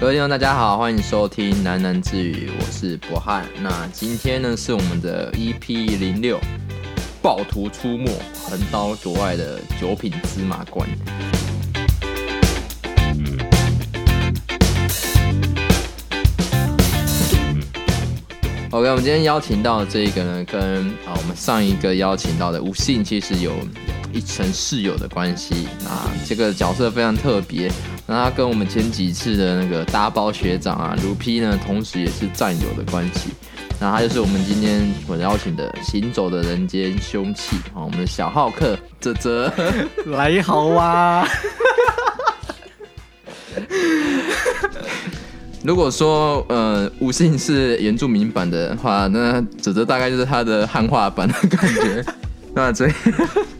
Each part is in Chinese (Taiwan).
各位聽眾，大家好，歡迎收聽喃喃自語，我是博翰。那今天呢，是我們的 EP 零六，暴徒出沒，橫刀奪愛的酒品芝麻官。OK，我們今天邀請到的這一個呢，跟啊我們上一個邀請到的吳信其實有一層室友的關係啊，這個角色非常特別。那他跟我們前幾次的那個大包學長啊，盧 P 呢，同時也是戰友的關係。那他就是我們今天我邀請的行走的人間凶器啊，我們的小浩克，哲哲來，好啊。如果說呃，無信是原住民版的話，那哲哲大概就是他的漢化版的感覺。那這。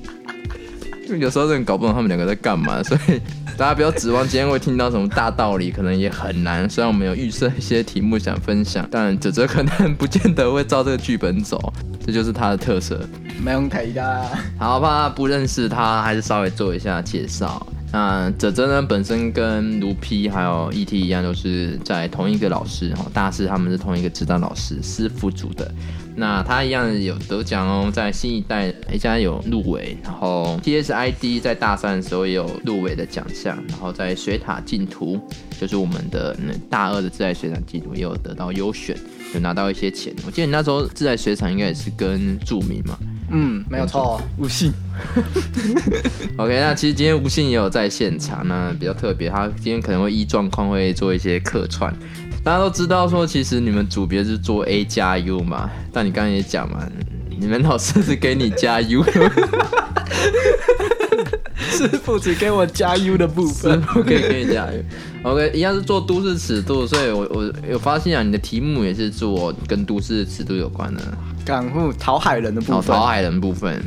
有時候真的搞不懂他們兩個在幹嘛，所以大家不要指望今天會聽到什麼大道理，可能也很難。雖然我們有預設一些題目想分享，但哲哲可能不見得會照這個劇本走，這就是他的特色。沒用提的，好怕不認識他，還是稍微做一下介紹。那哲哲呢，本身跟盧 P 還有 E T 一樣，都、就是在同一個老師哈、哦，大四他們是同一個指導老師，師傅組的。那他一樣有得獎哦，在新一代 A 加有入圍，然後 TSID 在大三的時候也有入圍的獎項，然後在水塔競圖，就是我們的那大二的自來水廠競圖也有得到優選，有拿到一些錢。我記得你那時候自來水廠應該也是跟著名嘛？嗯，沒有錯、啊，吳信。 OK，那其實今天吳信也有在現場，那比較特別，他今天可能會依狀況會做一些客串。大家都知道說，其實你們組別是做 A 加 U 嘛？但你剛剛也講嘛，你們老師是，是給你加 U， 是師傅給我加 U 的部分。是可以給你加 U，OK。Okay, 一樣是做都市尺度，所以我我，我有發現啊，你的題目也是做跟都市尺度有關的。感悟討海人的部分。討、哦、海人部分，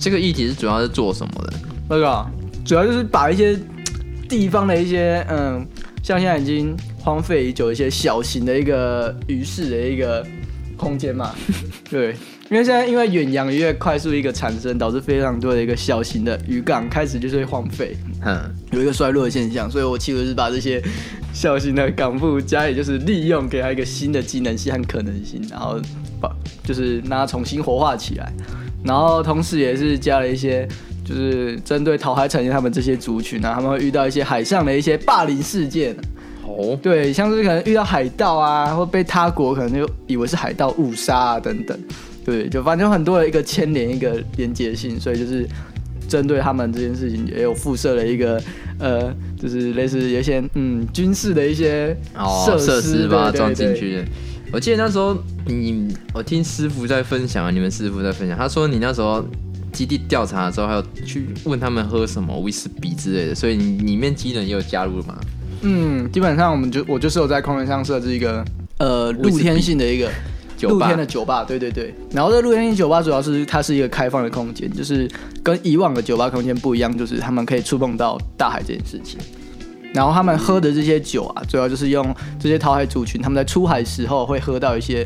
這個議題是主要是做什麼的？那個主要就是把一些地方的一些嗯，像現在已經。荒廢已久，一些小型的一個漁市的一個空間嘛，對，因為現在因為遠洋漁業快速一個產生，導致非常多的一個小型的漁港開始就是會荒廢，嗯，有一個衰落的現象，所以我其實是把這些小型的港埠加以就是利用，給它一個新的機能性和可能性，然後把就是讓它重新活化起來，然後同時也是加了一些就是針對討海產業他們這些族群啊，他們會遇到一些海上的一些霸凌事件。哦、oh.，對，像是可能遇到海盜啊，或被他國可能就以為是海盜誤殺啊等等，對，就反正有很多的一個牽連，一個連接性，所以就是針對他們這件事情，也有附設了一個呃，就是類似一些嗯軍事的一些設施，、oh, 施吧裝進去。的。我記得那時候你，我聽師傅在分享、啊，你們師傅在分享，他說你那時候基地調查的時候，還有去問他們喝什麼威士比之類的，所以裡面機能也有加入了嗎？嗯，基本上我們就我就是有在空間上設置一個呃露天性的一個露天的酒吧，對對對。然後這個露天性酒吧主要是它是一個開放的空間，就是跟以往的酒吧空間不一樣，就是他們可以觸碰到大海這件事情。然後他們喝的這些酒啊，主要就是用這些討海族群，他們在出海的時候會喝到一些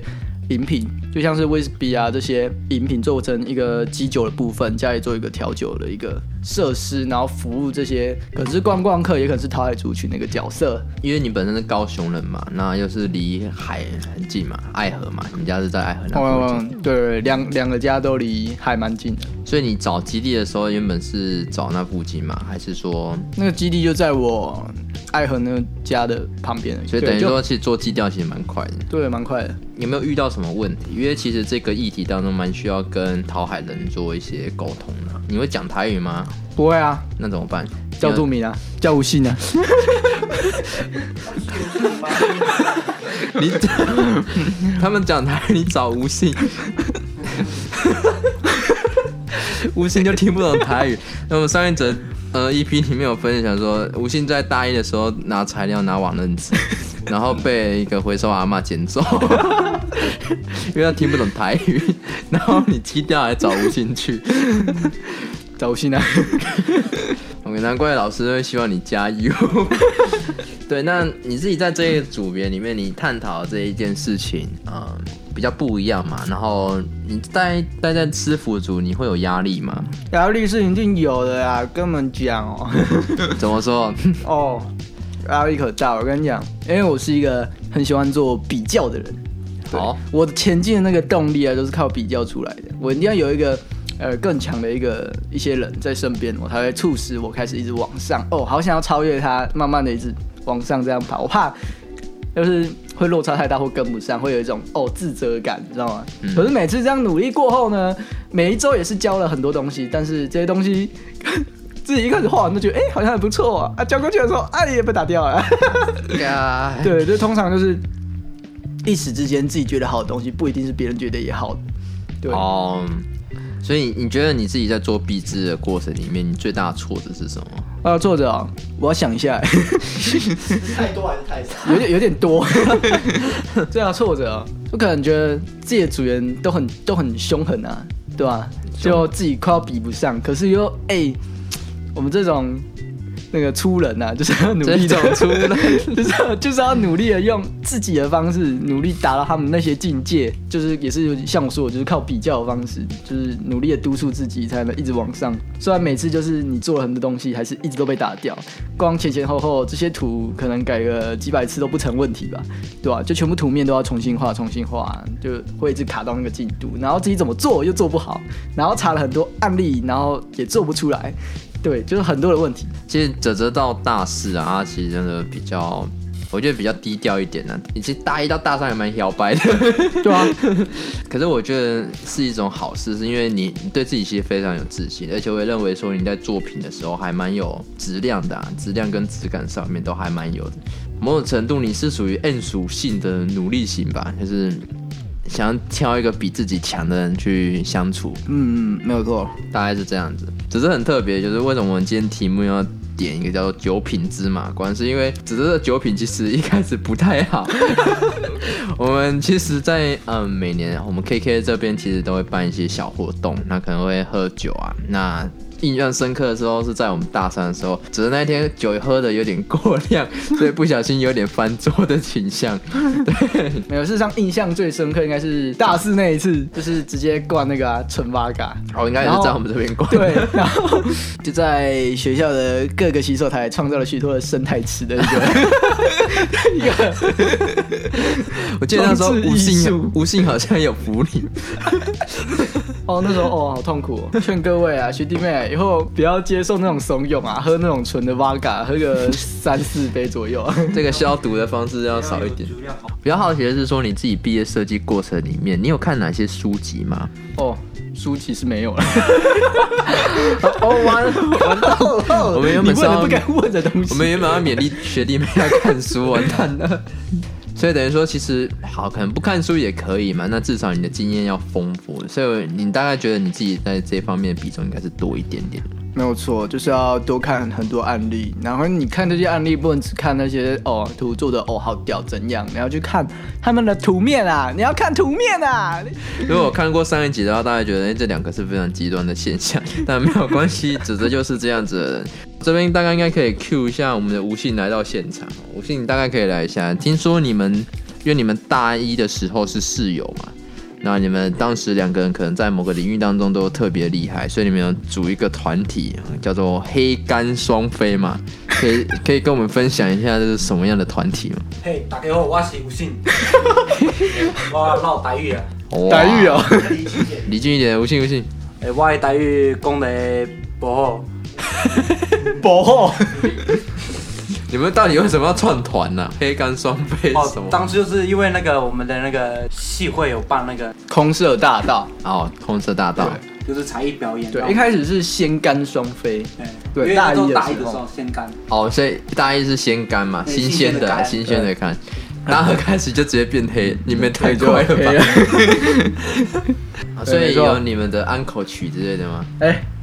飲品。就像是威士比啊這些飲品做成一個基酒的部分，家裡做一個調酒的一個設施，然後服務這些，可能是觀光客，也可能是討海族群那個角色。因為你本身是高雄人嘛，那又是離海很近嘛，愛河嘛，你們家是在愛河那附近，oh, oh, oh, 對，兩兩個家都離海蠻近的。所以你找基地的時候，原本是找那附近嘛，還是說那個基地就在我愛河那個家的旁邊？所以等於說，其實做基調其實蠻快的，對，蠻快的。有沒有遇到什麼問題？因為其實這個議題當中蠻需要跟討海人做一些溝通的、啊。你會講台語嗎？不會啊，那怎麼辦？叫杜米啊，叫吳信啊。 你 他們講台語你找吳信，吳 信就聽不懂台語。那 麼上一則呃 EP 裡面有分享說吳信在大一的時候拿材料拿網認字，然後被一個回收阿媽撿走。 因為他聽不懂台語， 然後你基調還找不進去， 找不進新來、啊，我、 okay, 難怪老師會希望你加油。 對，那你自己在這一組別裡面，你探討這一件事情啊、嗯嗯，比較不一樣嘛。然後你待待在師傅組，你會有壓力嗎？壓力是一定有的呀，跟我們講哦。 怎麼說？哦，壓力可大，我跟你講，因為我是一個很喜歡做比較的人。好，我前進的那個動力啊，都、就是靠比較出來的。我一定要有一個呃更強的一個一些人在身邊，我才會促使我開始一直往上。哦，好想要超越他，慢慢的一直往上這樣跑。我怕就是會落差太大或跟不上，會有一種哦自責感，你知道嗎、嗯？可是每次這樣努力過後呢，每一周也是教了很多東西，但是這些東西自己一開始畫完都覺得哎、欸、好像很不錯啊，交、啊、過去的時候啊你也被打掉了。 uh... 對就通常就是。一時之間，自己覺得好的東西，不一定是別人覺得也好，對哦，um, 所以你覺得你自己在做畢製的過程裡面，你最大的挫折是什麼？啊，挫折啊、哦，我要想一下。 是太多還是太少？有點有點多。最 大、啊、挫折啊、哦，就可能覺得自己的主人都很都很凶狠啊，對吧、啊？就自己快要比不上，可是又哎、欸，我們這種。那個粗人吶、啊，就是要努力走出， 就是要就是要努力的用自己的方式，努力達到他們那些境界，就是也是像我說的，就是靠比較的方式，就是努力的督促自己才能一直往上。雖然每次就是你做了很多東西，還是一直都被打掉，光前前後後這些圖可能改個幾百次都不成問題吧，對吧、啊？就全部圖面都要重新畫，重新畫，就會一直卡到那個進度，然後自己怎麼做又做不好，然後查了很多案例，然後也做不出來。對，就是很多的問題。其實哲哲到大四啊，其實真的比較，我覺得比較低調一點的、啊。以及大一到大三也蠻小白的，對啊。可是我覺得是一種好事，是因為你，你對自己其實非常有自信，而且我也認為說你在作品的時候還蠻有質量的、啊，質量跟質感上面都還蠻有的。某種程度，你是屬於硬屬性的努力型吧，就是。想要挑一個比自己強的人去相處，嗯嗯，沒有錯，大概是這樣子。只是很特別，就是為什麼我們今天題目要點一個叫做“酒品芝麻官”，是因為只是這酒品其實一開始不太好。 我們其實在，在嗯每年我們 KK 這邊其實都會辦一些小活動，那可能會喝酒啊，那。印象深刻的時候是在我們大三的時候，只是那天酒喝的有點過量，所以不小心有點翻桌的傾向。對，沒有，事實上印象最深刻應該是大四那一次，就是直接灌那個、啊、純八嘎。哦，應該也是在我們這邊灌的。對，然後就在學校的各個洗手台創造了許多的生態池的一個一個。 我記得那時候吳信吳信好像有福利。 哦，那時候哦好痛苦，哦，勸各位啊學弟妹、啊。以後不要接受那種慫恿啊，喝那種純的 Vodka，喝個三 四杯左右啊。這個消毒的方式要少一點。比較好奇的是說，你自己畢業設計過程裡面，你有看哪些書籍嗎？哦，書籍是沒有了。 哦完完了 我，我們原本不該問的東西，我們原本要勉勵學弟妹要看書，完蛋了。 所以等於說，其實好，可能不看書也可以嘛。那至少你的經驗要豐富。所以你大概覺得你自己在這方面比重應該是多一點點。沒有錯，就是要多看很多案例。然後你看這些案例，不能只看那些哦圖做的哦好屌怎樣，你要去看他們的圖面啊！你要看圖面啊！ 如果我看過上一集的話，大家覺得哎、欸、這兩個是非常極端的現象，但沒有關係， 指的就是這樣子。這邊大概應該可以 Q 一下我們的吳信來到現場，吳信你大概可以來一下。聽說你們，因為你們大一的時候是室友嘛，那你們當時兩個人可能在某個領域當中都特別厲害，所以你們有組一個團體叫做“黑肝雙飛”嘛，可以可以跟我們分享一下這是什麼樣的團體嗎？嘿、hey，大家好，我是吳信， 我撈台語啊，台語啊，離近一點，吳信吳信，哎，hey, 我的台語講的不好。哈 薄厚笑你們到底為什麼要創團呢？ 黑肝雙飛。什麼、哦？當時就是因為那個我們的那個系會有辦那個空設大道哦，空設大道。就是才藝表演。對，一開始是鮮肝雙飛。對，因為大家都大一的時候鮮肝。哦，所以大一是鮮肝嘛？新鮮的，新鮮的肝。然後開始就直接變黑， 你們太就黑了 對 沒。所以有你們的安可曲之類的嗎？欸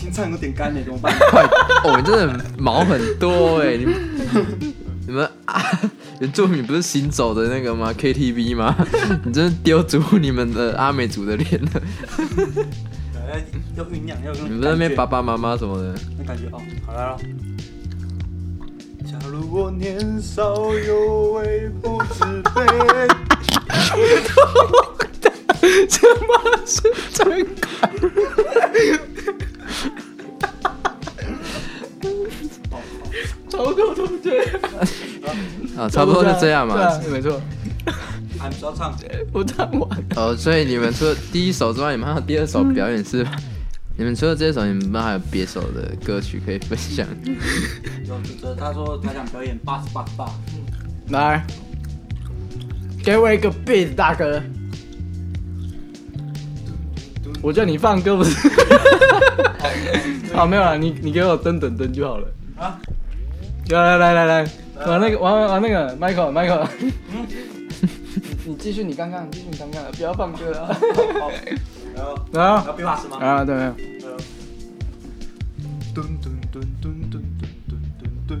青菜有點乾那種吧？快！哦，你真的毛很多哎、欸！ 你你們啊，你原住民不是行走的那個嗎？K T V 嗎？ 你真的丟足你們的阿、啊、美族的臉、嗯嗯嗯 嗯嗯嗯嗯嗯、你們那邊爸爸媽媽什麼的，你感覺哦，好來了。 Oh, go, do oh, 差不多就這樣嘛，對啊 對啊、 沒錯。俺說唱，我唱完。哦，所以你們除了第一首之外，你們還有第二首表演是、嗯？你們除了這一首，你們還有別首的歌曲可以分享？ 他說他想表演八十八八。來， 給我一個 beat, 大哥。我叫你放歌不是、啊？好 Okay, okay, okay ,、oh, okay .沒有啊，你你給我噔噔噔就好了。啊。來來來來來，玩、啊、那個玩玩那個，Michael Michael，你、嗯、 你繼續你剛剛，你繼續你剛剛，不要放歌啊！ 好，然後然要變法師嗎？啊對。咚咚咚咚咚咚咚咚咚！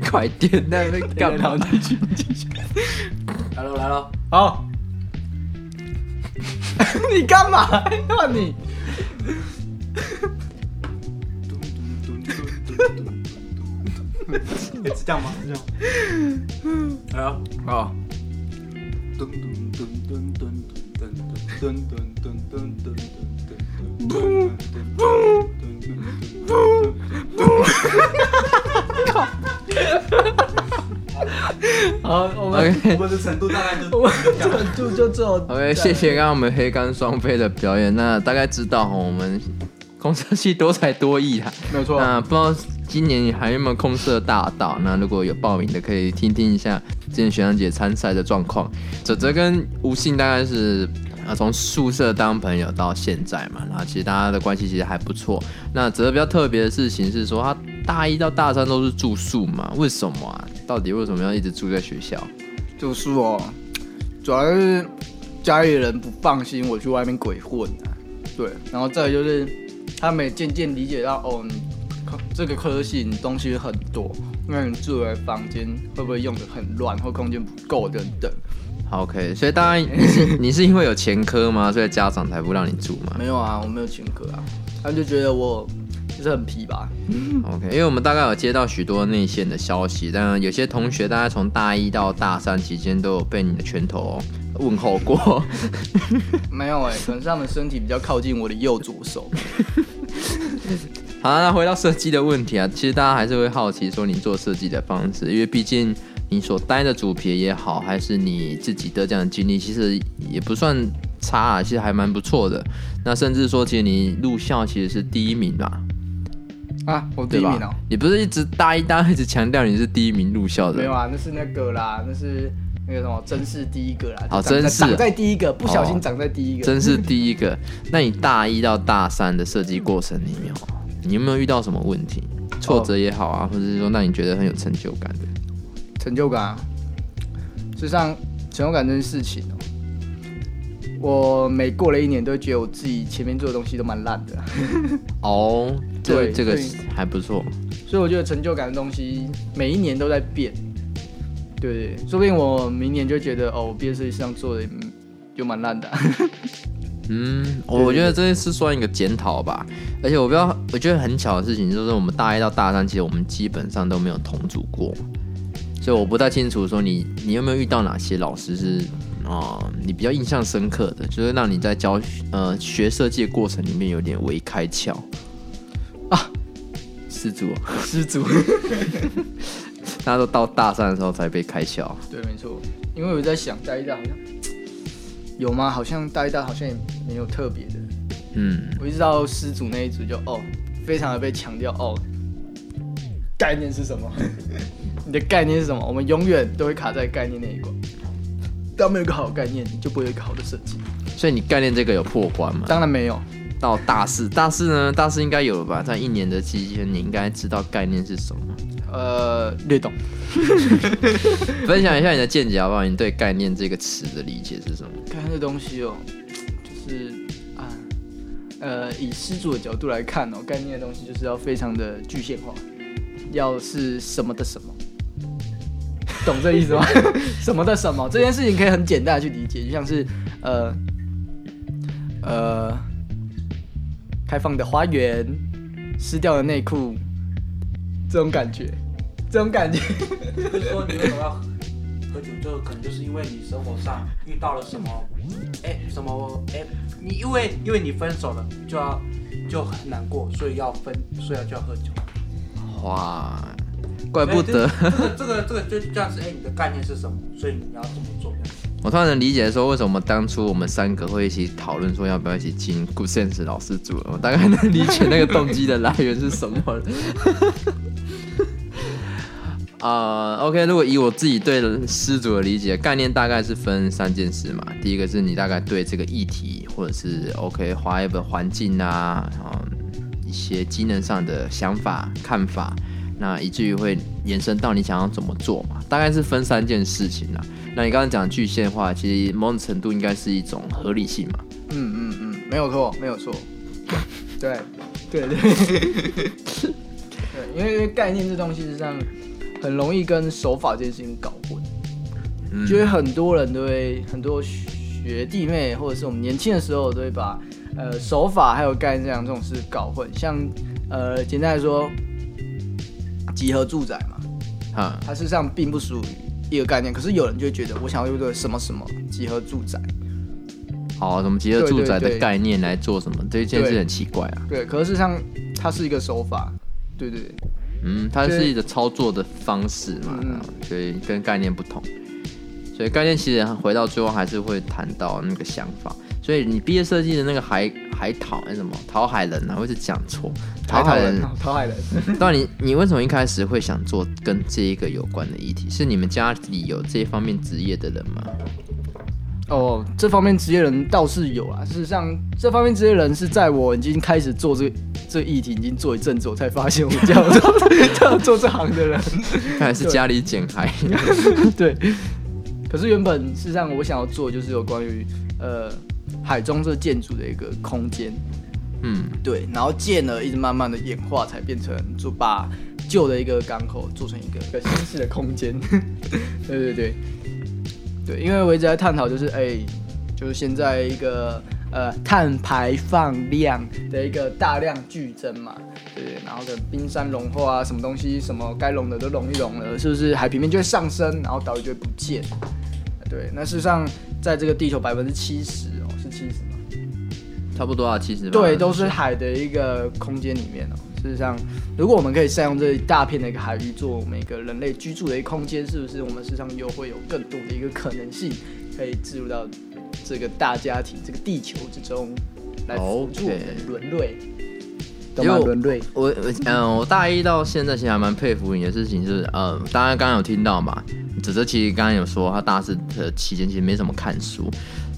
快點！那那幹嘛？你 去， 繼續 來嘍我來嘍！好， 你幹嘛？ 你咚咚咚咚咚。 你 也、 欸、是這樣嗎？是這樣。好。好。boom boom boom boom 哈哈哈哈哈哈哈好，okay. 我們的程度大概就我們 就就就 OK。 謝謝剛剛我們黑肝雙飛的表演，那大概知道我們空設系多才多藝啊，沒有錯。那、 嗯 嗯、不知道。今年你還有沒有空設大道？那如果有報名的，可以聽聽一下今天學長姐參賽的狀況。哲哲跟吳信大概是啊，從宿舍當朋友到現在嘛，然後其實大家的關係其實還不錯。那哲哲比較特別的事情是說，他大一到大三都是住宿嘛，為什麼啊？到底為什麼要一直住在學校？就是哦，主要是家裡人不放心我去外面鬼混啊。對，然後再就是他們也漸漸理解到哦。這個科系你東西很多，因為你住在房間會不會用得很亂，或空間不夠等等？OK，所以當然、欸、你、你是因為有前科嗎？所以家長才不讓你住嗎？沒有啊，我沒有前科啊。他就覺得我就是很皮吧。OK，因為我們大概有接到許多內線的消息，但有些同學大概從大一到大三期間都有被你的拳頭問候過。沒有哎、欸，可能是他們身體比較靠近我的右左手。 好、啊，那回到設計的問題啊，其實大家還是會好奇說你做設計的方式，因為畢竟你所待的主題也好，還是你自己的這樣的經歷，其實也不算差啊，其實還蠻不錯的。那甚至說，其實你入校其實是第一名吧？啊，我第一名哦。你不是一直大一、大二一直強調你是第一名入校的？沒有啊，那是那個啦，那是那個什麼真是第一個啦。好，真是長在第一個，不小心長在第一個。哦、真是第一個。 那你大一到大三的設計過程裡面？你有沒有遇到什麼問題？挫折也好啊，oh. 或者是說讓你覺得很有成就感的？成就感，事實上，成就感這件事情我每過了一年，都會覺得我自己前面做的東西都蠻爛的，啊。哦、oh, 對，這個還不錯。所以我覺得成就感的東西，每一年都在變。對，對，對，說不定我明年就覺得，哦，我畢業設計上做的就蠻爛的，啊。 嗯、哦，我覺得這是算一個檢討吧，而且我不知道，我覺得很巧的事情就是我們大一到大三，其實我們基本上都沒有同組過，所以我不太清楚說，你你有沒有遇到哪些老師是哦、呃，你比較印象深刻的，就是讓你在教呃學設計的過程裡面有點微開竅啊，失足失足， 大家都到大三的時候才被開竅，對，沒錯，因為我在想大一大好像。有嗎？好像大一、大好像也沒有特別的。嗯，我一直到師祖那一組就哦，非常的被強調哦。概念是什麼？ 你的概念是什麼？我們永遠都會卡在概念那一關。當沒有一個好的概念，你就不會有一個好的設計。所以你概念這個有破關嗎？當然沒有。到大四，大四呢？大四應該有了吧？在一年的期間，你應該知道概念是什麼。呃，略懂。 分享一下你的見解好不好？你對“概念”這個詞的理解是什麼？概念的東西哦，就是啊，呃，以施主的角度來看哦，概念的東西就是要非常的具現化，要是什麼的什麼，懂這意思嗎？ 什麼的什麼，這件事情可以很簡單的去理解，就像是呃呃，開放的花園，濕掉的內褲，這種感覺。這種感覺，就是說你為什麼要喝酒？就可能就是因為你生活上遇到了什麼，欸、什麼哎、欸？你因為因為你分手了，就要就很難過，所以要分，所以就要喝酒。哇，怪不得、欸、這個、這個這個、這個就這樣子哎，你的概念是什麼？所以你要怎麼做這樣子？我突然能理解說為什麼當初我們三個會一起討論說要不要一起請 Good Sense 老師煮了。我大概能理解那個動機的來源是什麼。 啊、uh，OK，如果以我自己對失主的理解概念，大概是分三件事嘛。第一個是你大概對這個議題或者是 OK，華一的環境啊，然、嗯、後一些機能上的想法看法，那以至於會延伸到你想要怎麼做嘛。大概是分三件事情啦。那你剛剛講具現化，其實某種程度應該是一種合理性嘛。嗯嗯嗯，沒有錯，沒有錯。 對，對對。對， 對，因為，因為概念這東西是這樣。很容易跟手法這件事情搞混，嗯、就是很多人都會，很多學弟妹或者是我們年輕的時候都會把呃手法還有概念這兩種事搞混。像呃簡單來說，集合住宅嘛，嗯、它事實上並不屬於一個概念，可是有人就覺得我想要用個什麼什麼集合住宅，好、哦，什麼集合住宅的概念來做什麼，對對對，這一件事很奇怪啊。對，對，可是事實上它是一個手法，對對對。嗯，它是一個操作的方式嘛，所，所以跟概念不同。所以概念其實回到最後還是會談到那個想法。所以你畢業設計的那個海海討那什麼討海人啊，或者是講錯討海人、討海人。那、嗯、你你為什麼一開始會想做跟這一個有關的議題？是你們家裡有這一方面職業的人嗎？哦，這方面職業人倒是有啊。事實上，這方面職業人是在我已經開始做這這個、議題，已經做一陣子，我才發現我叫做 做這行的人。看來是家裡撿海。對。 對可是原本事實上我想要做的就是有關於呃海中這建築的一個空間。嗯，對。然後進而一直慢慢的演化，才變成就把舊的一個港口做成一個一個新式的空間。 對對對。對，因為我一直在探討，就是哎，就是現在一個呃碳排放量的一個大量劇增嘛，對，然後的冰山融化啊，什麼東西，什麼該融的都融一融了，是不是海平面就會上升，然後島嶼就會不見？對，那事實上，在這個地球百分之七十哦，是七十嗎？差不多啊，七十。對，都是海的一個空間裡面哦。事實上，如果我們可以善用這一大片的一個海域，做我們一個人類居住的一個空間，是不是我們事實上又會有更多的一個可能性，可以置入到這個大家庭、這個地球之中來輔助人類？因為人我我嗯，我大一到現在其實還蠻佩服你的事情是，呃、嗯，大家剛剛有聽到嘛？哲哲其實剛剛有說他大四的期間其實沒怎麼看書，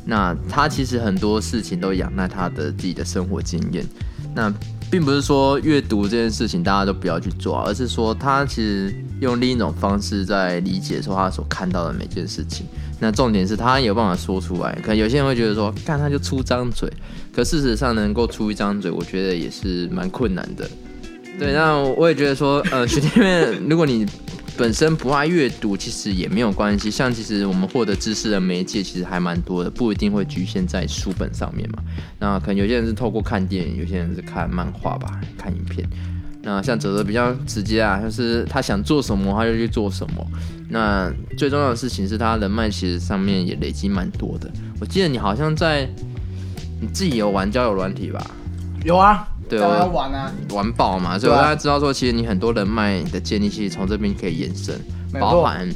那他其實很多事情都仰賴他的自己的生活經驗，那。並不是說閱讀這件事情大家都不要去做，而是說他其實用另一種方式在理解說他所看到的每件事情。那重點是他也有辦法說出來，可能有些人會覺得說，看他就出張嘴，可事實上能夠出一張嘴，我覺得也是蠻困難的。對，那我也覺得說，呃，學弟妹，如果你本身不愛閱讀，其實也沒有關係。像其實我們獲得知識的媒介，其實還蠻多的，不一定會局限在書本上面嘛。那可能有些人是透過看電影，有些人是看漫畫吧，看影片。那像哲哲比較直接啊，就是他想做什麼他就去做什麼。那最重要的事情是，他人脈其實上面也累積蠻多的。我記得你好像在你自己有玩交友軟體吧？有啊。對、哦，要玩啊，玩爆嘛！所以大家知道說，其實你很多人脈的建立，其實從這邊可以延伸沒錯。包含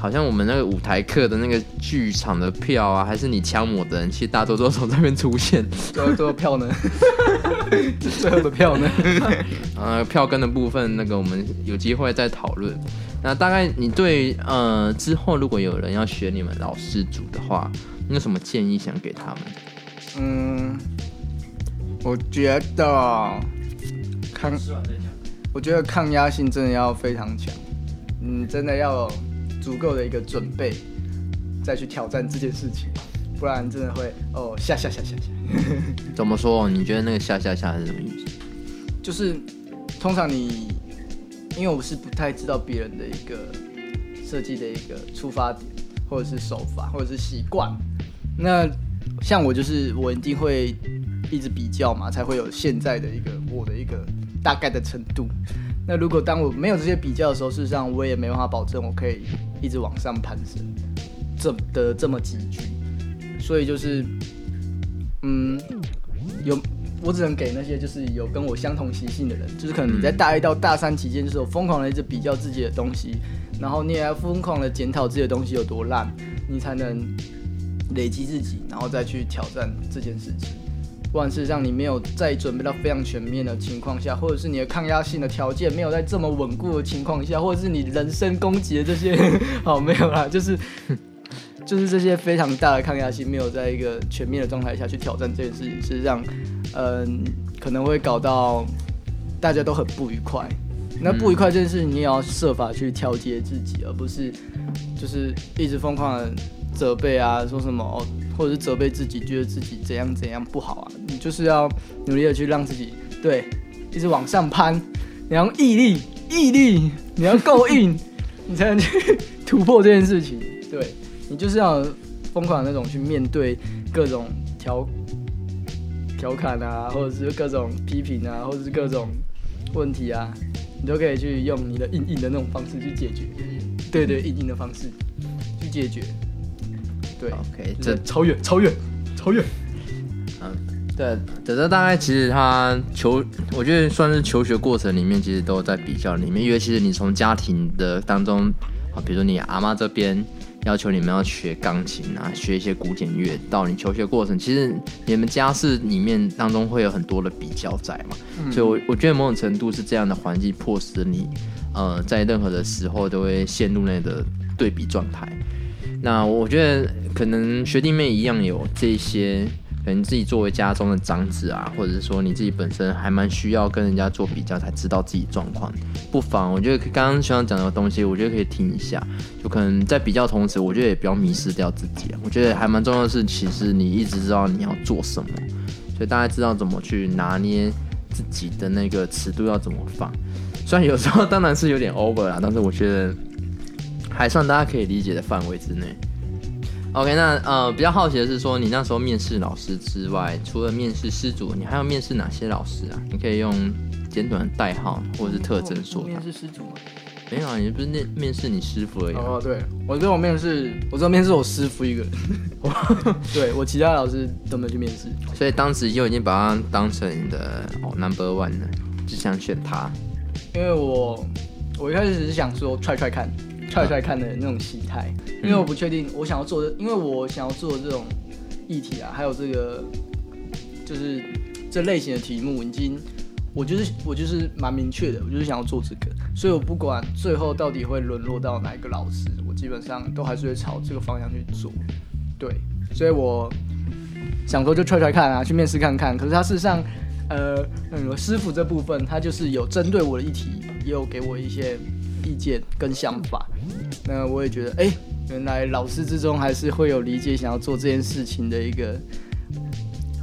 好像我們那個舞台課的那個劇場的票啊，還是你槍模的人，其實大多都從這邊出現。最後的票呢？ 最後的票呢？呃， 票根的部分，那個我們有機會再討論。那大概你對呃之後如果有人要選你們老師組的話，你有什麼建議想給他們？嗯。我覺得抗，我覺得抗壓性真的要非常強，你真的要足夠的一個準備，嗯，再去挑戰這件事情，不然真的會哦下下下下下，嚇嚇嚇嚇嚇 怎麼說？你覺得那個下下下是什麼意思？就是通常你，因為我是不太知道別人的一個設計的一個出發點，或者是手法，或者是習慣。那像我就是我一定會。一直比較嘛，才會有現在的一個我的一個大概的程度。那如果當我沒有這些比較的時候，事實上我也沒辦法保證我可以一直往上攀升得這麼幾句。所以就是，嗯，有我只能給那些就是有跟我相同習性的人，就是可能你在大一到大三期間，就是我瘋狂的一直比較自己的東西，然後你也要瘋狂的檢討自己的東西有多爛，你才能累積自己，然後再去挑戰這件事情。萬事，讓你沒有在準備到非常全面的情況下，或者是你的抗壓性的條件沒有在這麼穩固的情況下，或者是你人身攻擊的這些， 好沒有啦，就是 就是這些非常大的抗壓性沒有在一個全面的狀態下去挑戰這件事情，事實上，嗯、呃，可能會搞到大家都很不愉快。那不愉快這件事，你也要設法去調節自己、嗯，而不是就是一直瘋狂的。責備啊，說什麼、哦，或者是責備自己，覺得自己怎樣怎樣不好啊？你就是要努力的去讓自己對，一直往上攀。你要毅力，毅力，你要夠硬， 你才能去突破這件事情。對你就是要瘋狂的那種去面對各種調調侃啊，或者是各種批評啊，或者是各種問題啊，你都可以去用你的硬硬的那種方式去解決。對對，對，硬硬的方式去解決。對，OK，這超越超越超越，嗯，對，這這大概其實他求，我覺得算是求學過程裡面，其實都在比較裡面，因為其實你從家庭的當中啊，比如說你阿媽這邊要求你們要學鋼琴啊，學一些古典樂，到你求學過程，其實你們家世裡面當中會有很多的比較在嘛，嗯、所以我，我我覺得某種程度是這樣的環境迫使你，呃，在任何的時候都會陷入那個對比狀態，那我覺得。可能學弟妹一樣有這些，可能自己作為家中的長子啊，或者是說你自己本身還蠻需要跟人家做比較，才知道自己狀況。不妨，我覺得剛剛學長講的東西，我覺得可以聽一下。就可能在比較同時，我覺得也不要迷失掉自己啊。我覺得還蠻重要的是，其實你一直知道你要做什麼，所以大家知道怎麼去拿捏自己的那個尺度要怎麼放。雖然有時候當然是有點 over 啦，但是我覺得還算大家可以理解的範圍之內。OK，那呃，比較好奇的是說，你那時候面試老師之外，除了面試師主，你還要面試哪些老師啊？你可以用簡短的代號或者是特徵說。嗯、面試師主嗎？沒有，啊，也不是面面試你師傅而已，啊。哦、oh, oh，對我只有面試，我只有面試我，我師傅一個人。哇， 對我其他老師都沒有去面試。所以當時就已經把他當成你的哦、oh, number one 了，只想選他。因為我我一開始只是想說踹踹看。踹踹看的那種心態，因為我不確定我想要做的，因為我想要做的這種議題啊，還有這個就是這類型的題目，已經我就是我就是蠻明確的，我就是想要做這個，所以我不管最後到底會淪落到哪一個老師，我基本上都還是會朝這個方向去做。對，所以我想說就踹踹看啊，去面試看看。可是他事實上，呃，嗯，師傅這部分他就是有針對我的議題，也有給我一些。意見跟想法，那我也覺得，哎、欸，原來老師之中還是會有理解想要做這件事情的一個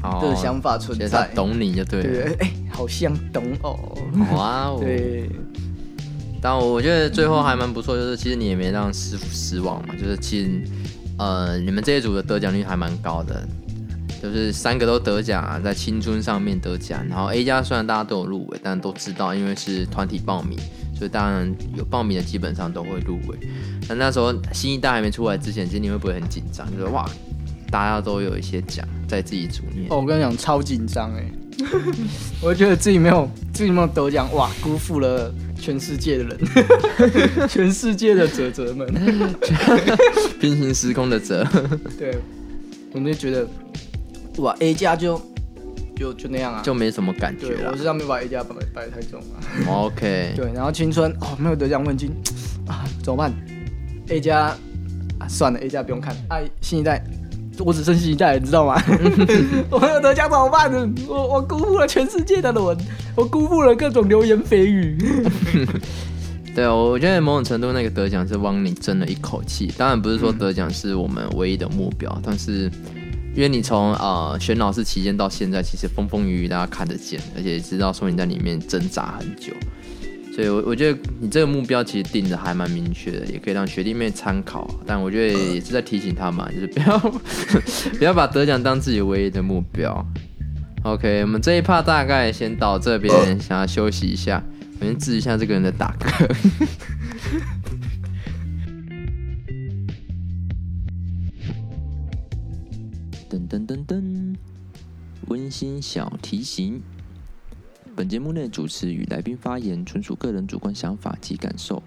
好的想法存在。他懂你就對了，哎、欸，好像懂哦。哇哦、啊， 對。但我覺得最後還蠻不錯，就是其實你也沒讓師傅失望嘛，就是其實，呃，你們這一組的得獎率還蠻高的，就是三個都得獎、啊，在青春上面得獎，然後 A 加雖然大家都有入圍，但都知道因為是團體報名。所以當然有報名的，基本上都會入圍。那那時候新一代獎還沒出來之前，其實你會不會很緊張？就是哇，大家都有一些獎在自己組念。哦，我跟你講，超緊張哎！ 我就覺得自己沒有，自己沒有得獎哇，辜負了全世界的人， 全世界的哲哲們， 平行時空的哲。對，我們就覺得哇，A 加就。就就那樣啊，就沒什麼感覺了、啊。我是沒把 A 加擺擺太重了、啊。Oh, OK。對，然後青春哦，沒有得獎，問津啊，怎麼辦？A 加、啊、算了，A 加不用看了。哎、啊，新一代，我只剩新一代，你知道嗎？ 我沒有得獎怎麼辦呢？我我辜負了全世界的人，我辜負了各種流言蜚語。 對、哦、我覺得某種程度那個得獎是汪你爭了一口氣。當然不是說得獎是我們唯一的目標，嗯、但是。因為你從啊、呃、選老師期間到現在，其實風風雨雨大家看得見，而且也知道說你在裡面掙扎很久，所以我，我我覺得你這個目標其實定的還蠻明確的，也可以讓學弟妹參考。但我覺得也是在提醒他嘛，就是不要 不要把得獎當自己唯一的目標。OK，我們這一趴大概先到這邊，想要休息一下，我先治一下這個人的打嗝。 噔噔噔噔，溫馨小提醒：本節目內主持與來賓發言純屬個人主觀想法及感受，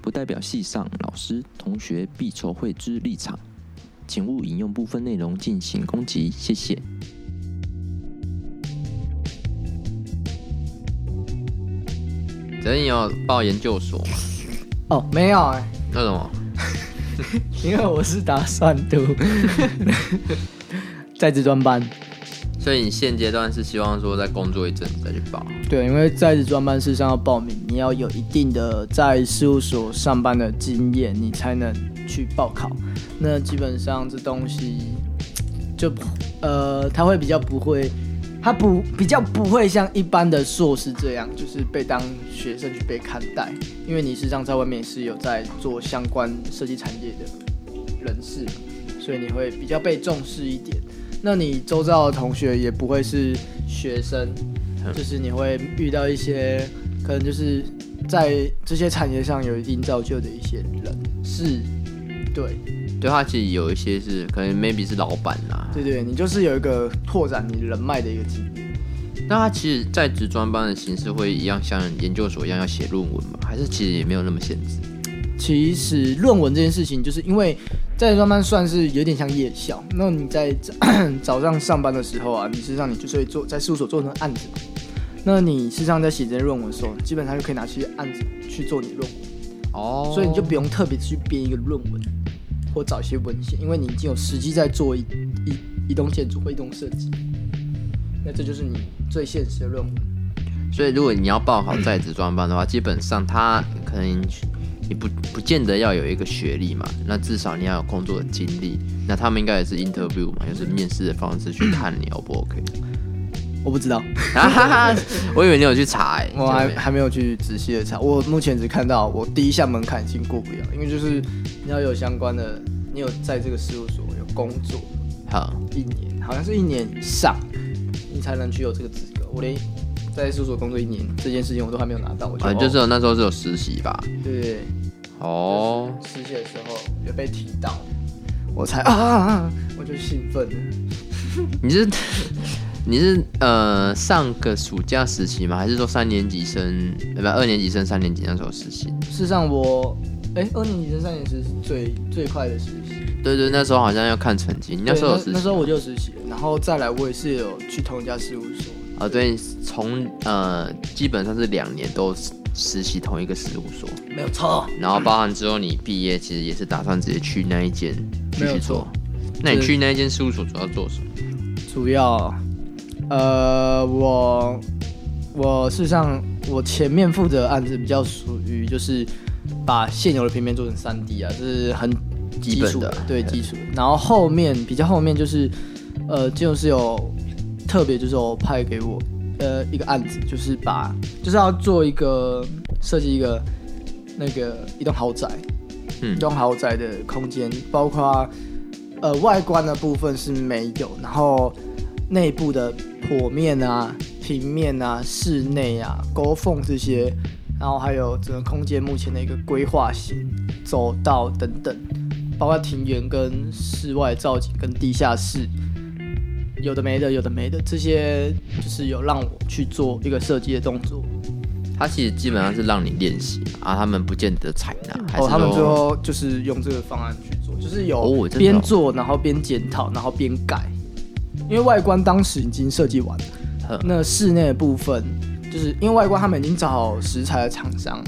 不代表系上老師、同學畢籌會之立場，請勿引用部分內容進行攻擊，謝謝。真要報研究所嗎？哦，沒有哎、欸。那什麼？ 因為我是打算讀。 在職專班，所以你現階段是希望說再工作一陣再去報？對，因為在職專班事實上要報名，你要有一定的在事務所上班的經驗，你才能去報考。那基本上這東西就，呃，他會比較不會，他不比較不會像一般的碩士這樣，就是被當學生去被看待，因為你事實上在外面是有在做相關設計產業的人士，所以你會比較被重視一點。那你周遭的同學也不會是學生，嗯、就是你會遇到一些可能就是在這些產業上有一定造就的一些人，是，對，對，他其實有一些是可能 maybe 是老闆啦，對，對對，你就是有一個拓展你人脈的一個機會。那他其實在職專班的形式會一樣像研究所一樣要寫論文嗎？還是其實也沒有那麼限制？其實論文這件事情，就是因為在職專班算是有點像夜校。那你在咳咳早上上班的時候啊，你實際上你就是會做在事務所做成案子嘛。那你事實上在寫這些論文的時候，基本上就可以拿去案子去做你論文。哦、oh.。所以你就不用特別去編一個論文，或找一些文獻，因為你已經有實際在做一一一棟建築、或一棟設計。那這就是你最現實的論文。所以如果你要報考在職專班的話，嗯、基本上它可能。你不不見得要有一個學歷嘛，那至少你要有工作的經歷。那他們應該也是 interview 嘛，就是面試的方式去看 你 o 不 OK？我不知道， 我以為你有去查，欸，我還是是還沒有去仔細的查。我目前只看到我第一項門檻已經過不了，因為就是你要有相關的，你有在這個事務所有工作好一年，好像是一年以上，你才能具有這個資格。我連、嗯在事務所工作一年這件事情我都還沒有拿到，我就、呃、就是有那時候是有實習吧，對，哦、oh,，實習的時候有被提到，我才啊， 我就興奮了。你是 你是呃上個暑假實習嗎？還是說三年級升不二年級升三年級那時候實習？事實上我哎二年級升三年級是最最快的實習。對對，那時候好像要看成績。你那時候有實習那，那時候我就實習，然後再來我也是有去同一家事務所。啊、哦、對，從呃基本上是兩年都實習同一個事務所，沒有錯。然後包含之後你畢業，其實也是打算直接去那一間繼續做，沒有錯。那你去那一間事務所主要做什麼？主要，呃，我我事實上我前面負責案子比較屬於就是把現有的平面做成三 D 啊，就是很基礎的、的，對基礎、嗯。然後後面比較後面就是，呃，就是有。特別就是我派給我，呃，一個案子，就是把，就是要做一個設計一個那個一棟豪宅，嗯、一棟豪宅的空間，包括呃，外觀的部分是沒有，然後內部的剖面啊、平面啊、室內啊、溝縫這些，然後還有整個空間目前的一個規劃型、走道等等，包括庭園跟室外造景跟地下室。有的沒的，有的沒的，這些就是有讓我去做一個設計的動作。它其實基本上是讓你練習啊，他們不見得採納。哦，他們最後就是用這個方案去做，就是有邊做，然後邊檢討，然後邊改。因為外觀當時已經設計完了，那室內的部分，就是因為外觀他們已經找好石材的廠商。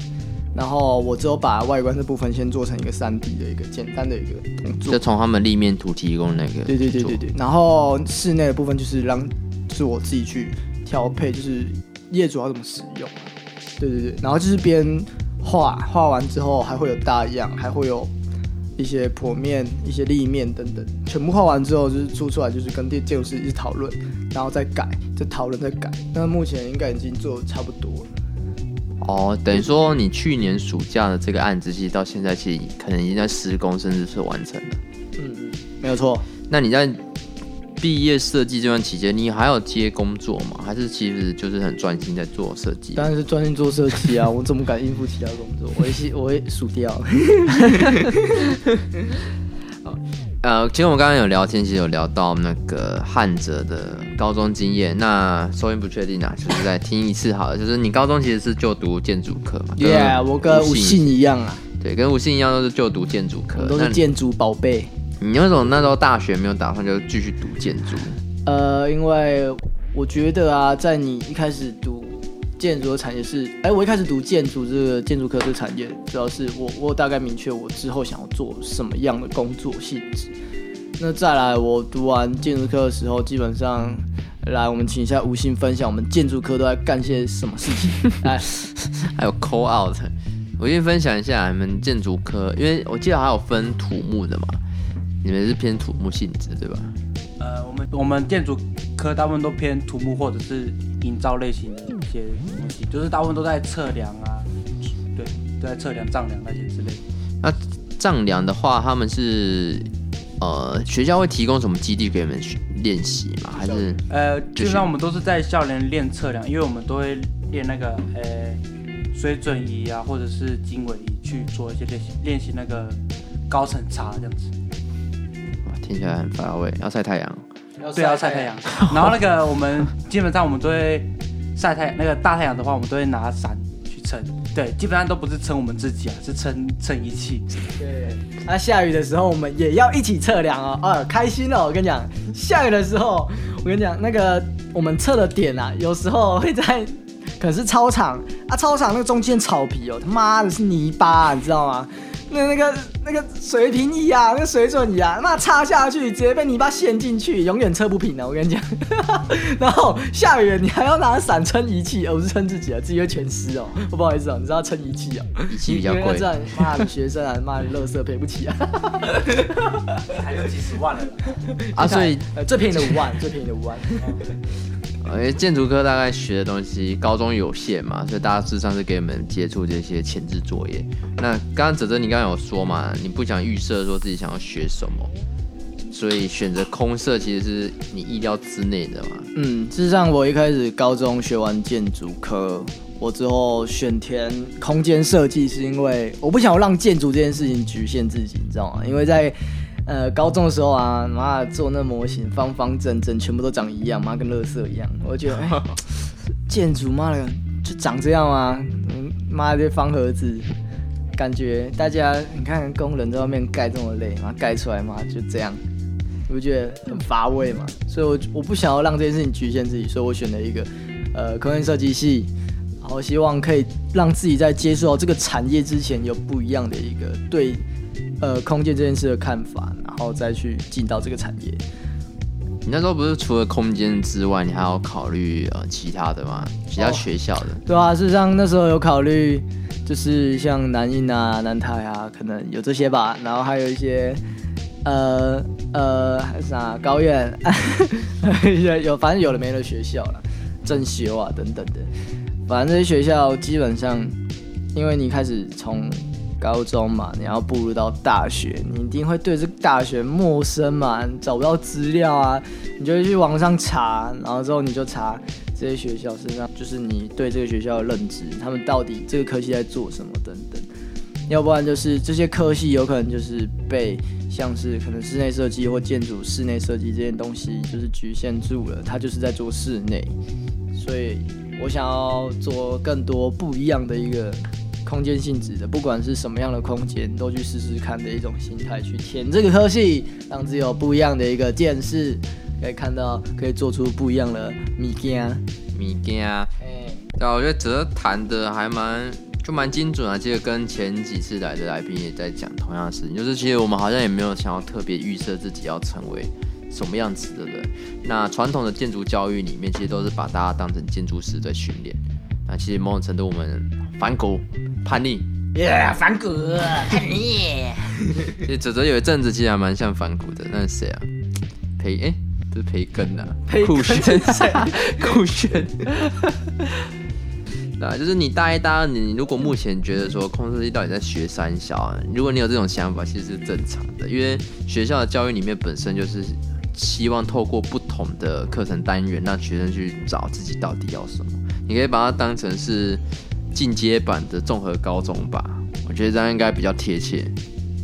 然後我只有把外觀這部分先做成一個 3D 的一個簡單的一個動作，就從他們立面圖提供那個。對，對對對對對。然後室內的部分就是讓是我自己去調配，就是業主要怎麼使用。對對對。然後就是邊畫，畫完之後，還會有大樣，還會有一些剖面，一些立面等等。全部畫完之後，就是做出，出來，就是跟建建築師一直討論，然後再改，再討論再改。那目前應該已經做差不多了。哦，等於說你去年暑假的這個案子，其實到現在其實可能已經在施工，甚至是完成了。嗯嗯，沒有錯。那你在畢業設計這段期間，你還要接工作嗎？還是其實就是很專心在做設計？當然是專心做設計啊！我怎麼敢應付其他工作？我西我會輸掉。 呃，其實我們剛剛有聊天，其實有聊到那個漢哲的高中經驗。那收音不確定啊，就是再聽一次好了。就是你高中其實是就讀建築科嘛。對，Yeah，我跟吳信，信一樣啊。對，跟吳信一樣都是就讀建築科。都是建築寶貝。你為什麼那時候大學沒有打算就繼續讀建築？呃，因為我覺得啊，在你一開始讀。建築的產業是，哎、欸，我一開始讀建築這個建築科這個產業，主要是我我大概明確我之後想要做什麼樣的工作性質。那再來，我讀完建築科的時候，基本上，來，我們請一下吳鑫分享我們建築科都在幹些什麼事情。哎、欸， 還有 call out，我先分享一下我們建築科，因為我記得還有分土木的嘛，你們是偏土木性質對吧？呃，我們我們建築科大部分都偏土木或者是營造類型的。些東西就是大部分都在測量啊，對，都在測量丈量、那些之類的。那丈量的話，他們是呃學校會提供什麼基地給你們去練習嗎？還是呃就基本上我們都是在校園練測量，因為我們都會練那個呃水準儀啊，或者是經緯儀去做一些練習，練習那個高層差這樣子。聽起來很乏味，要曬太陽。對啊，要曬太陽。 然後那個我們基本上我們都會。曬太那個大太陽的話，我們都會拿傘去撐。對，基本上都不是撐我們自己啊，是撐撐儀器。對，那、啊、下雨的時候我們也要一起測量哦。啊，開心哦！我跟你講，下雨的時候我跟你講，那個我們測的點啊，有時候會在可是操場啊，操場那個中間草皮哦，他媽的是泥巴啊，你知道嗎？那那個。那個水平儀啊，那個、水準儀啊，那插下去直接被泥巴陷進去，永遠測不平的、啊。我跟你講， 然後下雨了你還要拿傘撐儀器，而、呃、不是撐自己啊，自己會全濕哦。我不好意思哦、啊，你知道撐儀器啊，儀器比較貴。罵，你你學生啊，罵，你垃圾，嗇賠不起啊， 還有幾十萬了啊，所以、呃、最便宜的五萬，最便宜的五萬。嗯因為建築科大概學的東西高中有限嘛，所以大家事實上是給你們接觸這些前置作業。那剛剛哲哲你剛剛有說嘛，你不想預設說自己想要學什麼，所以選擇空設其實是你意料之內的嘛。嗯，事實上我一開始高中學完建築科，我之後選填空間設計，是因為我不想讓建築這件事情局限自己，你知道嗎？因為在呃，高中的時候啊，媽做那模型，方方正正，全部都長一樣，媽跟垃圾一樣。我覺得，欸、 建築媽的就長這樣啊，嗯，媽這方盒子，感覺大家你看工人在外面蓋這麼累，嘛蓋出來嘛就這樣，我就覺得很乏味嘛。所以我，我我不想要讓這件事情局限自己，所以我選了一個呃空間設計系，然後希望可以讓自己在接受這個產業之前有不一樣的一個對。呃，空間這件事的看法，然後再去進到這個產業。你那時候不是除了空間之外，你還要考慮呃其他的嗎？其他學校的、哦？對啊，事實上那時候有考慮，就是像南印啊、南台啊，可能有這些吧。然後還有一些呃呃，還是哪高院，啊、呵呵有反正有的沒的學校啦，正修啊等等的，反正這些學校基本上，因為你開始從。高中嘛，你要步入到大學，你一定會對這個大學陌生嘛，找不到資料啊，你就去網上查，然後之後你就查這些學校身上，就是你對這個學校的認知，他們到底這個科系在做什麼等等。要不然就是這些科系有可能就是被像是可能室內設計或建築室內設計這些東西就是局限住了，它就是在做室內，所以我想要做更多不一樣的一個。空間性質的，不管是什麼樣的空間，都去試試看的一種心態去填這個科系，讓自己有不一樣的一個見識，可以看到，可以做出不一樣的物件。物件、啊，哎、欸啊，我覺得哲談的還蠻，就蠻精準啊。其實跟前幾次來的來賓也在講同樣的事情，就是其實我們好像也沒有想要特別預設自己要成為什麼樣子的人。那傳統的建築教育裡面，其實都是把大家當成建築師在訓練。那其實某種程度我們反過。叛逆，耶、yeah,！反骨，叛逆。這，哲哲，有一陣子其實還蠻像反骨的。那是誰啊？裴哎、欸，這是裴根吶、啊，裴根先生，裴根。啊 裴，根笑 就是你大一、大二，你如果目前覺得說，控制力到底在學三小啊，如果你有這種想法，其實是正常的，因為學校的教育裡面本身就是希望透過不同的課程單元，讓學生去找自己到底要什麼。你可以把它當成是。進階版的綜合高中吧，我覺得這樣應該比較貼切。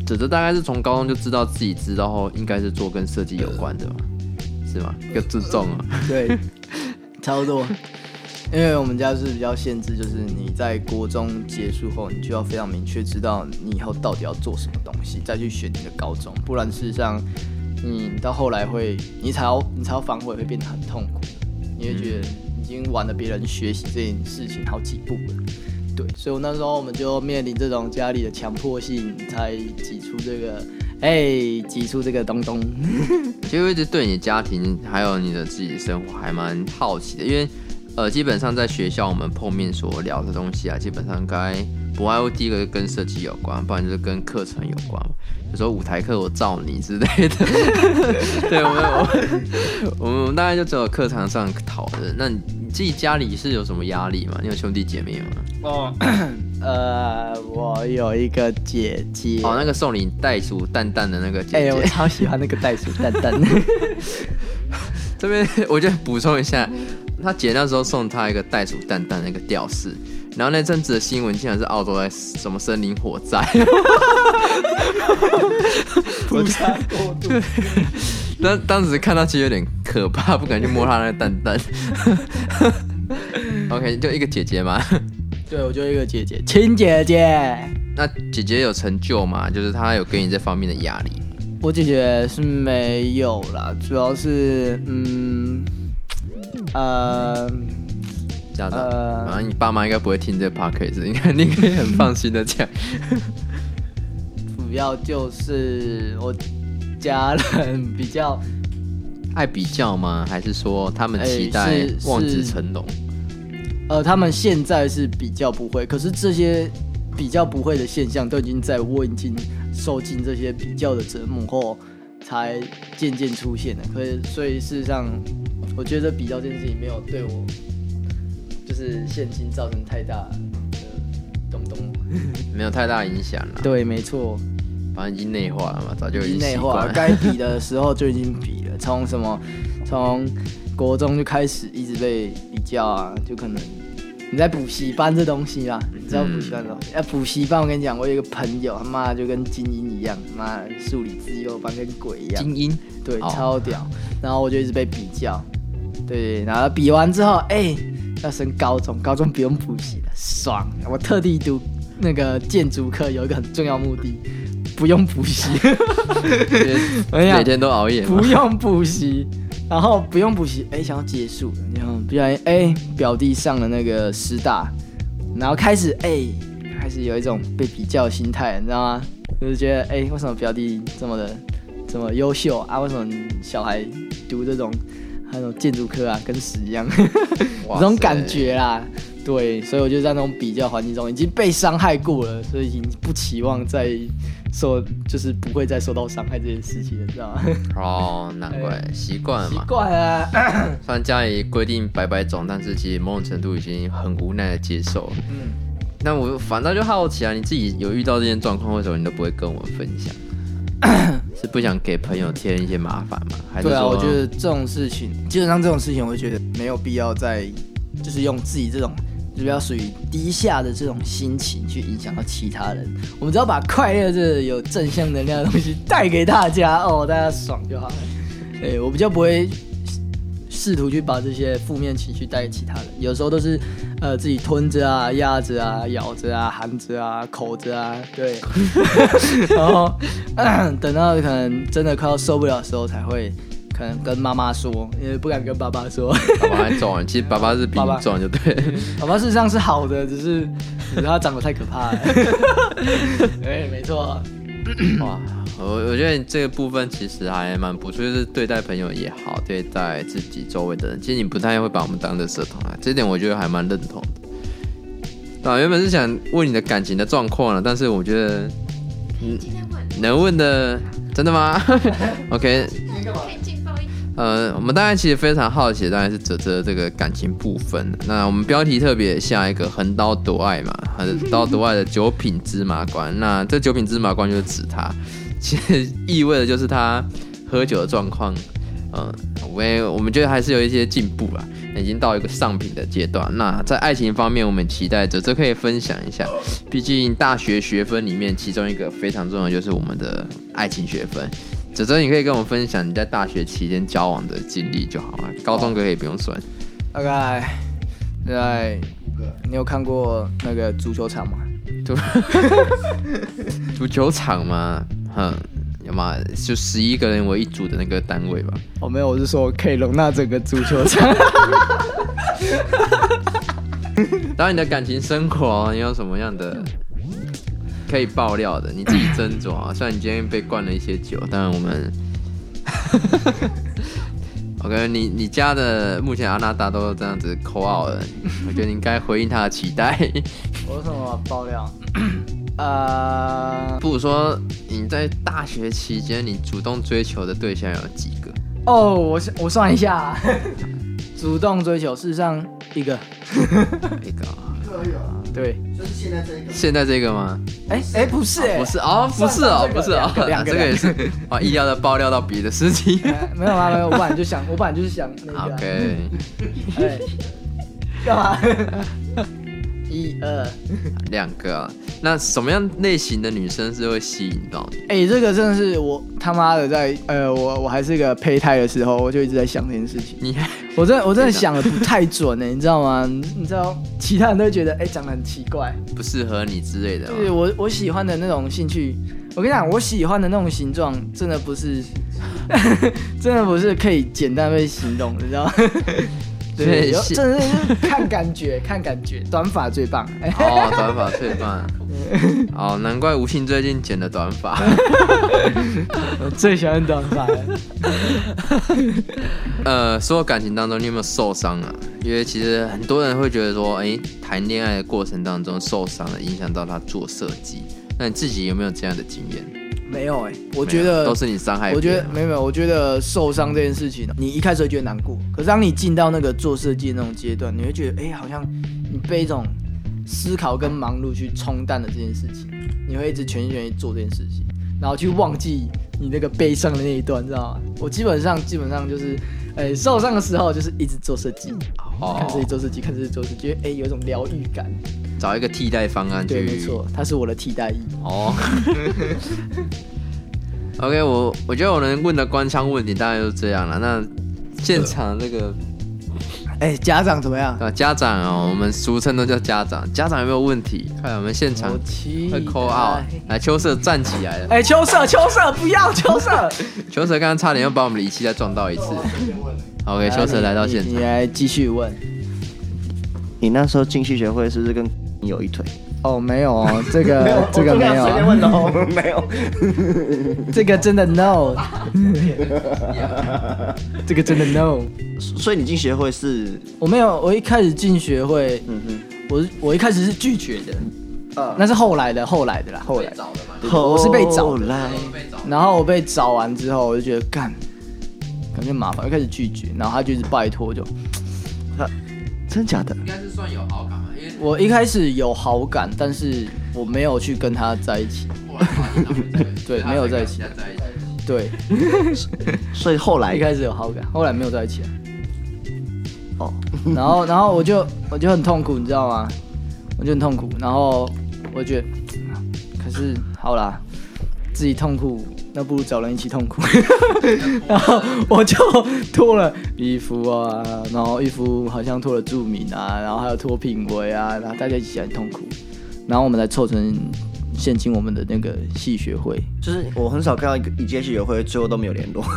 這、就、哲、是、大概是從高中就知道自己知道後，應該是做跟設計有關的吧，呃，是嗎？要注重啊、呃。對， 差不多。因為我們家是比較限制，就是你在國中結束後，你就要非常明確知道你以後到底要做什麼東西，再去選你的高中。不然事實上，你到後來會，你才要你才要反悔，會變得很痛苦，你會覺得。嗯已經玩了，別人學習這件事情好幾步了，對，所以那時候我們就面臨這種家裡的強迫性，才擠出這個，哎，擠出這個東東。其實我一直對你的家庭還有你的自己的生活還蠻好奇的，因為。呃，基本上在學校我們碰面所聊的東西啊，基本上該不外乎第一個就跟設計有關，不然就是跟課程有關嘛。有時候舞台課我罩你之類的， 對，我們我們 我們大概就只有課堂上討論。那你你自己家裡是有什麼壓力嗎？你有兄弟姐妹嗎？哦、oh.，呃咳咳，uh, 我有一個姐姐。哦，那個送你袋鼠蛋蛋的那個姐姐、欸。我超喜歡那個袋鼠蛋蛋 這邊我就補充一下。他姐那時候送他一個袋鼠蛋蛋的一個吊飾，然後那陣子的新聞竟然是澳洲在什麼森林火災，不 災， 我，但當時看到其實有點可怕，不敢去摸他那個蛋蛋。 OK，就一個姐姐嗎？對，我就一個姐姐，親姐姐。那姐姐有成就嗎？就是她有給你這方面的壓力？我姐姐是沒有啦，主要是嗯。呃，家長，啊、呃，你爸媽應該不會聽這個 podcast，應該你可以很放心的講。 主要就是我家人比較愛比較嗎？還是說他們期待望子成龍、欸？呃，他們現在是比較不會，可是這些比較不會的現象，都已經在我已經受盡這些比較的折磨後，才漸漸出現了。可是，所以事實上。我覺得比較這件事情沒有對我，就是現今造成太大的東東，呃、動動 沒有太大影響了。對，沒錯，反正已經內化了嘛，早就已經內化了。該比的時候就已經比了。從什麼，從國中就開始一直被比較啊，就可能你在補習班這東西啦，嗯、你知道補習班的。哎、嗯，補、啊、習班，我跟你講，我有一個朋友，他媽就跟精英一樣，他媽數理資優班跟鬼一樣。精英對，超屌。然後我就一直被比較。對，然後比完之後，哎、欸，要升高中，高中不用補習了，爽！我特地讀那個建築科，有一個很重要目的，不用補習。哎 呀 今天， 每天都熬夜。不用補習，然後不用補習，哎、欸，想要結束，然後不小心，哎、欸，表弟上了那個師大，然後開始，哎、欸，開始有一種被比較心態，你知道嗎？就是覺得，哎、欸，為什麼表弟這麼的，這麼優秀啊？為什麼小孩讀這種？那種建築科啊，跟屎一樣，那 種感覺啦。對，所以我就在那種比較環境中已經被傷害過了，所以已經不期望再受，就是不會再受到傷害這件事情了，你知道嗎？哦，難怪，欸、習慣了嘛。習慣啊、嗯，雖然家裡規定百百種，但是其實某種程度已經很無奈的接受了。嗯，那我反正就好奇啊，你自己有遇到這件狀況，為什麼你都不會跟我們分享？嗯是不想給朋友添一些麻煩嗎？還是說？對啊，我覺得這種事情，基本上這種事情，我覺得沒有必要再，就是用自己這種就比較屬於低下的這種心情去影響到其他人。我們只要把快樂、就是有正向能量的東西帶給大家哦，大家爽就好了。哎、欸，我比較不會，試圖去把這些負面情緒帶給其他人，有時候都是，呃，自己吞着啊、壓着啊、咬着啊、含着、啊、着啊、口著啊，對。 然後、嗯、等到可能真的快要受不了的時候，才會可能跟媽媽說，因為不敢跟爸爸說。爸爸壯、啊，其實爸爸是比你壯、啊，就對爸爸、嗯。爸爸事實上是好的，只是，只是他長得太可怕了。對， 沒錯。 哇我我覺得這個部分其實還蠻不錯，就是對待朋友也好，對待自己周圍的人，其實你不太會把我們當成社團啊，這一點我覺得還蠻認同啊，原本是想問你的感情的狀況，但是我覺得，嗯，今天問能問的，真的嗎 ？OK，呃，我們大家其實非常好奇，當然是哲哲這個感情部分。那我們標題特別像一個橫刀奪愛嘛，橫刀奪愛的酒品芝麻官。 那這酒品芝麻官就是指他。其實意味著就是他喝酒的狀況，嗯，我我們覺得還是有一些進步啊，已經到一個上品的階段。那在愛情方面，我們期待着，哲哲可以分享一下。畢竟大學學分裡面，其中一個非常重要就是我們的愛情學分。哲哲，你可以跟我們分享你在大學期間交往的經歷就好了，高中可以不用算。OK，對對，五個。你有看過那個足球場嗎？足 足球場嗎？嗯，有嘛？就十一個人為一組的那個單位吧。我、哦、沒有，我是說可以容納整個足球場。 當然，你的感情生活，你有什麼樣的可以爆料的？你自己斟酌啊。 雖然你今天被灌了一些酒，但是我們 ，OK，你你家的目前的阿納達都這樣子扣傲了， 我覺得你應該回應他的期待。我有什麼爆料？ 呃、uh...，不如說你在大學期間，你主動追求的對象有幾個？哦、oh,，我我算一下、啊， 主動追求事實上一個，一個，可 以啊。對啊，就是現在這個。現在這個嗎？哎、欸、哎、欸欸啊，不是，不是啊，不是啊、這個，不是、哦、啊，兩個，這個也是啊，意料的爆料到別的事情 、欸啊。沒有啊，沒有，我本來就想， 我本來就是想那個、啊。OK，幹、 欸、幹嘛？ 一二兩 個，那什麼樣類型的女生是會吸引到你？哎、欸，這個真的是我他媽的在呃，我我還是個胚胎的時候，我就一直在想這件事情。你， 我真的我真的想得不太準呢、欸，你知道嗎？你知道其他人都覺得哎、欸，長得很奇怪，不適合你之類的嗎？對，我我喜歡的那種興趣。我跟你講，我喜歡的那種形狀，真的不是， 真的不是可以簡單被形容，你知道。 對，有真 看感覺，看感覺，短髮最棒。哦、 oh,，短髮最棒。哦、oh,，難怪吳昕最近剪的短髮。 我最喜歡短髮了。 呃，所有感情當中，你有沒有受傷啊？因為其實很多人會覺得說，哎、欸，談戀愛的過程當中受傷了，影響到他做設計。那你自己有沒有這樣的經驗？沒有哎、欸，我覺得都是你傷害的。我覺得沒有沒有，我覺得受傷這件事情，你一開始會覺得難過，可是當你進到那個做設計那種階段，你會覺得哎、欸，好像你被一種思考跟忙碌去沖淡了這件事情，你會一直全心全意做這件事情，然後去忘記你那個悲傷的那一段，知道嗎？我基本上基本上就是。哎、欸，受傷的時候就是一直做設計，哦，看自己做設計，看自己做事，覺得哎，有一種療癒感，找一個替代方案。對，沒錯，他是我的替代役。哦。 OK，我我覺得我能問的官腔問題，大概就是這樣了。那現場那個。哎、欸，家長怎麼樣？啊，家長哦，我們俗稱都叫家長。家長有沒有問題？看、哎、我們現場會，call out 來，秋色站起來了。哎、欸，秋色，秋色，不要秋色，秋色，剛 剛差點又把我們的儀器再撞到一次。 OK，秋色來到現場，你，你，你來繼續問。你那時候進去學會是不是跟你有一腿？哦、oh,，沒有哦，這個這個沒有。 沒有。這個、啊、剛剛 這個真的 no， yeah, yeah. 這個真的 no。所以你進學會是？我沒有，我一開始進學會，嗯哼，我我一開始是拒絕的、嗯，那是後來的，後來的啦，後來的。找的嘛，我是被找了來。Oh, like. 然後我被找完之後，我就覺得幹，感覺麻煩，又開始拒絕，然後他就是拜托就， 真假的？應該是算有好感。我一開始有好感，但是我沒有去跟他在一起。一起 對，沒有在，在一起。對， 所以後來一開始有好感，後來沒有在一起了，啊。哦、oh, 然後然後我就我就很痛苦，你知道嗎？我就很痛苦，然後我覺得，可是好啦，自己痛苦。那不如找人一起痛苦， 然後我就脫了衣服啊，然後衣服好像脫了著名啊，然後還有脫品味啊，然後大家一起，起來痛苦，然後我們來湊成現今我們的那個系學會。就是我很少看到一個一屆系學會最後都沒有聯絡。我哈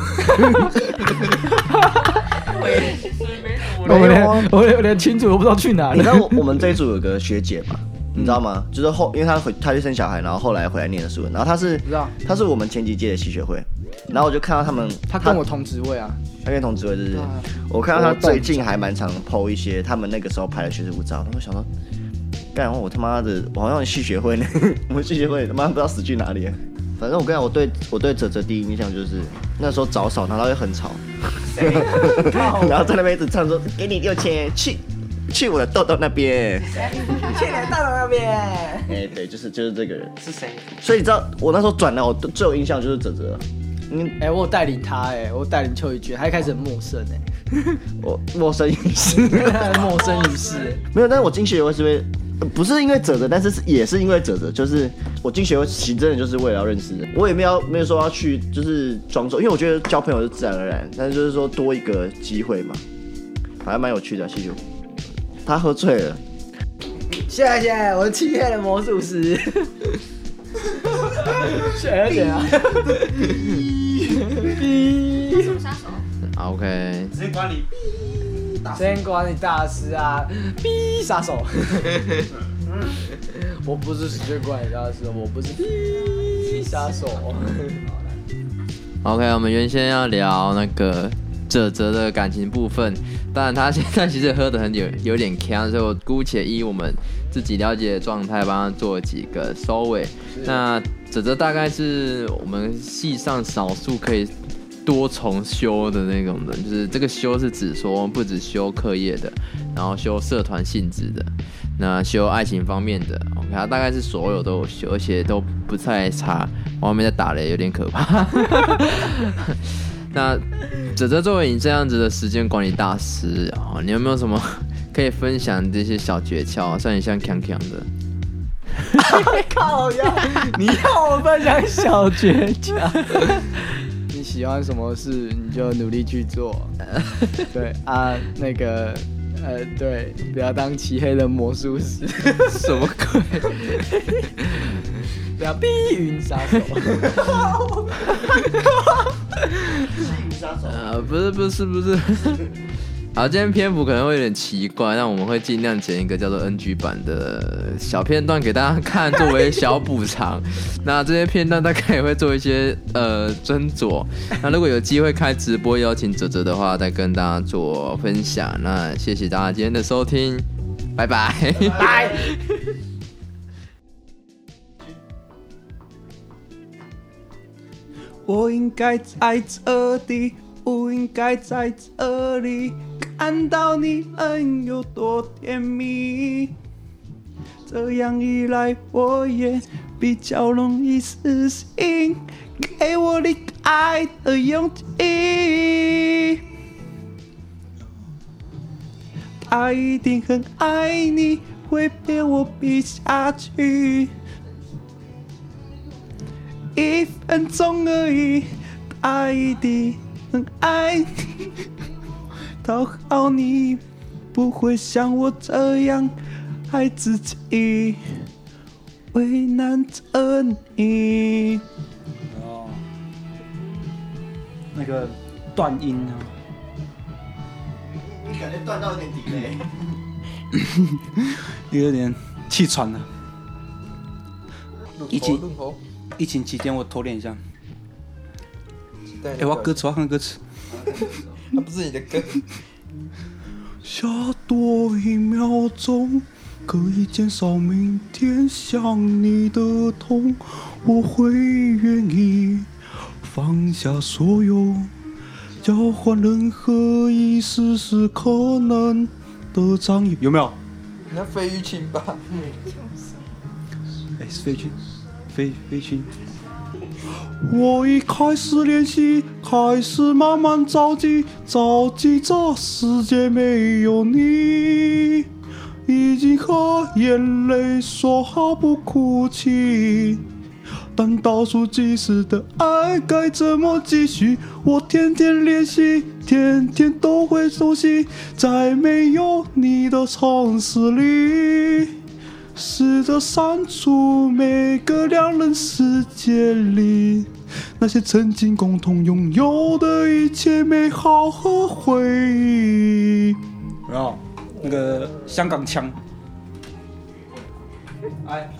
哈哈哈哈。我有點，我有點清楚，我不知道去哪裡。那 我們這一組有個學姐吧。嗯、你知道嗎？就是後，因為他回，他去生小孩，然後後來回來念的書，然後他是，知道，他是我們前幾屆的系學會，嗯，然後我就看到他們，他，他跟我同職位啊，他跟同職位就是，不是，我看到他最近還蠻常 PO 一些他們那個時候拍的學士舞照，然後我想說幹我他媽的，我好像系學會呢， 我們系學會他媽不知道死去哪裡，啊，反正我跟你講，我對我對哲哲第一印象就是，那時候早少然到又很吵， 欸，然後在那邊一直唱說， 給你六千，去。去我的痘痘那邊， 去你的痘痘那邊、欸。哎、欸，對，就是就是這個人是誰？所以你知道我那時候轉來，我最有印象就是哲哲。嗯，哎、欸，我有帶領他、欸，哎，我帶領秋一句他一開始很陌生、欸，哎，我陌生於是、啊、陌生女士。 沒有，但是我進學會是不是、呃，不是因為哲哲，但是也是因為哲哲，就是我進學會其實真的就是為了要認識人，我也沒有沒有說要去就是裝作，因為我覺得交朋友是自然而然，但是就是說多一個機會嘛，反正蠻有趣的，謝謝。他喝醉了。謝謝，我漆黑的魔術師。謝謝。啊？哈哈哈哈什麼殺手。OK。時間管理 B，時間管理大師啊！B，殺手。 我不是時間管理大師，我不是 B 殺手 OK，我們原先要聊那個。哲哲的感情部分，但他現在其實喝的很有，有點嗆，所以我姑且以我們自己了解的狀態幫他做幾個收尾，欸。那哲哲大概是我們系上少數可以多重修的那種人，就是這個修是指說不止修課業的，然後修社團性質的，那修愛情方面的，OK，他大概是所有都有修，而且都不太差。外面在打雷，有點可怕。 那哲哲，作為你這樣子的時間管理大師啊，你有沒有什麼可以分享這些小訣竅、啊？像你像強強的，啊、靠呀！你要我分享小訣竅？ 你喜歡什麼事你就努力去做。對啊，那個呃，對，不要當漆黑的魔術師，什麼鬼？ 不要碧雲殺手。 啊、 呃，不是不是不是， 好，今天篇幅可能會有點奇怪，那我們會盡量剪一個叫做 NG 版的小片段給大家看，作為小補償。 那這些片段大概也會做一些呃斟酌，那如果有機會開直播邀請哲哲的話，再跟大家做分享。那謝謝大家今天的收聽，拜拜拜，拜。 我應該在車底，不應該在車裡看到你們有多甜蜜。這樣一來，我也比較容易死心。給我離開的勇氣，他一定很愛你，會比我比下去。一分鐘而已，愛的很愛你，討好你不會像我這樣愛自己，為難着你。那個斷音你感覺斷到有點低嘞。 有點氣喘了。一起。疫情期間，我偷練一下。哎、欸，我要歌詞，我要看歌詞。那 不是你的歌。 下多一秒鐘，可以減少明天想你的痛。我會願意放下所有，交換任何一絲絲可能的長。有沒有？那費玉清吧？哎、嗯欸，是費玉清。飛飛行，我已開始練習，開始慢慢着急，着急這世界沒有你，已經和眼淚說好不哭泣，但倒數計時的愛該怎麼繼續？我天天練習，天天都會熟悉，在沒有你的城市裡。試着刪除每個兩人世界裡那些曾經共同擁有的一切美好和回憶。然後，那個香港槍。哎。